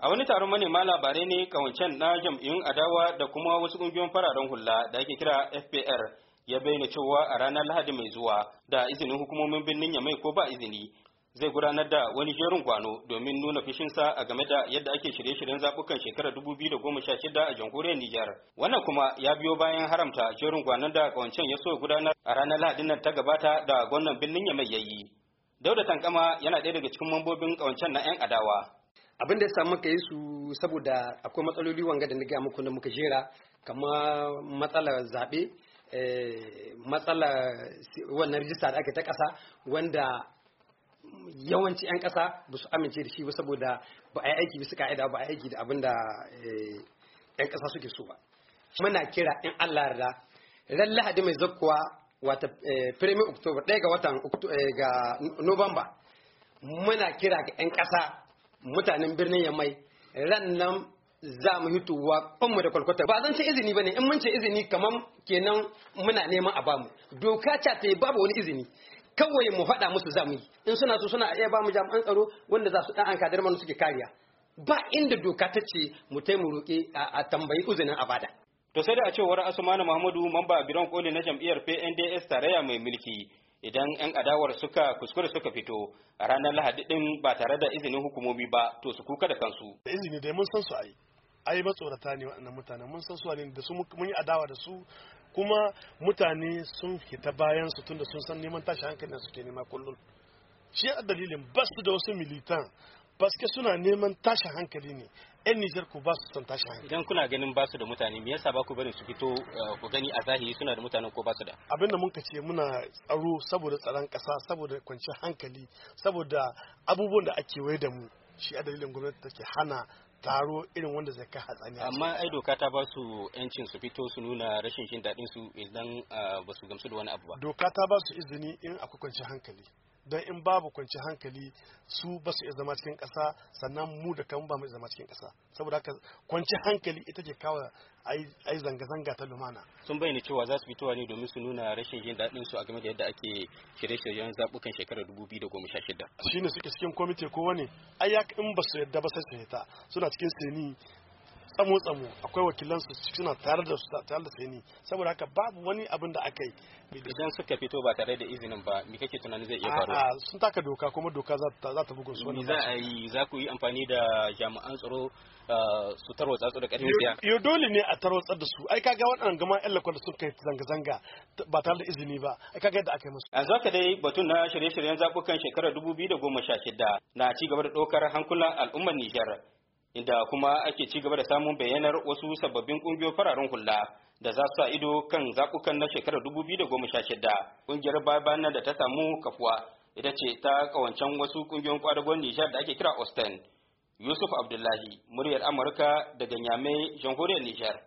a wani taron manema labarai ne kawancen na jam'iyyun adawa da kuma wasu ƙungiyoyin fararen hula da ake kira fpr ya bayyana cewa a ranar lahadi mai zuwa da izinin hukumomin birnin yamai ko ba izini zai gudanar da wani jerin gwano domin nuna fishinsa a game da yadda ake shirye-shiryen zabukan shekarar 2016 a jamhuriyar Nijar. Wannan kuma ya biyo bayan haramta jerin gwanon da kawancen ya so gudanar a ranar Lahadin nan ta gabata da gwamnan birnin ya yi Dauda Tankama yana ɗaya daga cikin mambobin kawancen na 'yan adawa. abin da ya samu muka yi su saboda akwai matsaloli wanga da na gaya muku da muka jera kamar matsalar zaɓe eh, matsalar wannan rijista da ake ta ƙasa wanda yawanci 'yan ƙasa ba su amince da shi ba saboda ba a yi aiki bisa ka'ida ba a aiki da abin da 'yan eh, ƙasa suke so ba muna kira in allah da ran lahadi mai zakkuwa wata eh, premier october ɗaya ga watan ga nobamba muna kira ga 'yan ƙasa mutanen birnin ya mai, ran nan za mu hituwa kanmu da kwalkwata ba zan ce izini ba ne, in mun ce izini kamar kenan muna neman a bamu doka ta ta babu wani izini kawai mu faɗa musu za mu yi in suna so suna iya mu jami'an tsaro wanda za su ɗan an kadar mana suke kariya ba inda doka ta ce mu taimu roƙe a tambayi uzinin a bada. To sai da a cewar Asumani Muhammadu mamba biran koli na jam'iyyar PNDS tarayya mai mulki idan 'yan adawar suka kuskure suka fito a ranar lahadi din ba tare da izinin hukumomi ba to su kuka da kansu da izini dai mun san su ai ai matsorata ne waɗannan mutane mun san su ne da su mun yi adawa da su kuma mutane sun fita bayan su tunda sun san neman tashi hankalin suke nema kullum shi a dalilin ba su da wasu militan paske suna neman tashin hankali ne yan nijar ku ba su son tashin hankali idan kuna ganin ba su da mutane me yasa ba ku barin su fito eh, ku gani a zahiri suna da mutanen ko ba su da abinda mun ka ce muna tsaro saboda tsaron kasa saboda kwanciyar hankali saboda abubuwan da ake waye da mu shi a dalilin gwamnati take hana taro irin wanda zai kai hatsaniya amma ai doka ta ba su yancin su fito su nuna rashin jin daɗin su idan eh, ba su gamsu da wani abu ba doka ta ba su izini in akwai kwanciyar hankali don in babu kwanci hankali su ba su iya zama cikin kasa sannan mu da kan ba mu zama cikin kasa saboda haka kwanci hankali ita ke kawo ai zanga-zanga ta lumana sun bayyana cewa za su fitowa ne domin su nuna rashin jin daɗin su a game da yadda ake shirye-shiryen zaɓukan shekarar 2016 shine suke cikin kwamiti ko wani ai in ba su yadda ba sai su suna cikin sani tsamo tsamo akwai wakilan su suna tare da su tare da sani saboda haka babu wani abin da aka yi idan suka fito ba tare da izinin ba me kake tunanin zai iya faruwa sun taka doka kuma doka za ta bugun su wannan za a yi za ku yi amfani da jami'an tsaro ah, su tarwatsa su da karfin biya yo dole ne a tsar da su ai kaga waɗannan gama ƴan da suka yi zanga zanga ba tare da izini ba ai kaga yadda aka yi musu a zaka dai batun na shirye-shiryen zakokan shekarar 2016 na ci gaba da ɗaukar hankulan al'ummar Nijar inda kuma ake ci gaba da samun bayyanar wasu sababbin kungiyoyin fararen hula da za su sa ido kan zakukan na shekarar 2016 kungiyar babana da ta samu kafuwa ita ce ta kawancan wasu kungiyoyin kwadagon Nijar da ake kira Austin Yusuf Abdullahi muryar Amurka daga Nyame jamhuriyar Nijar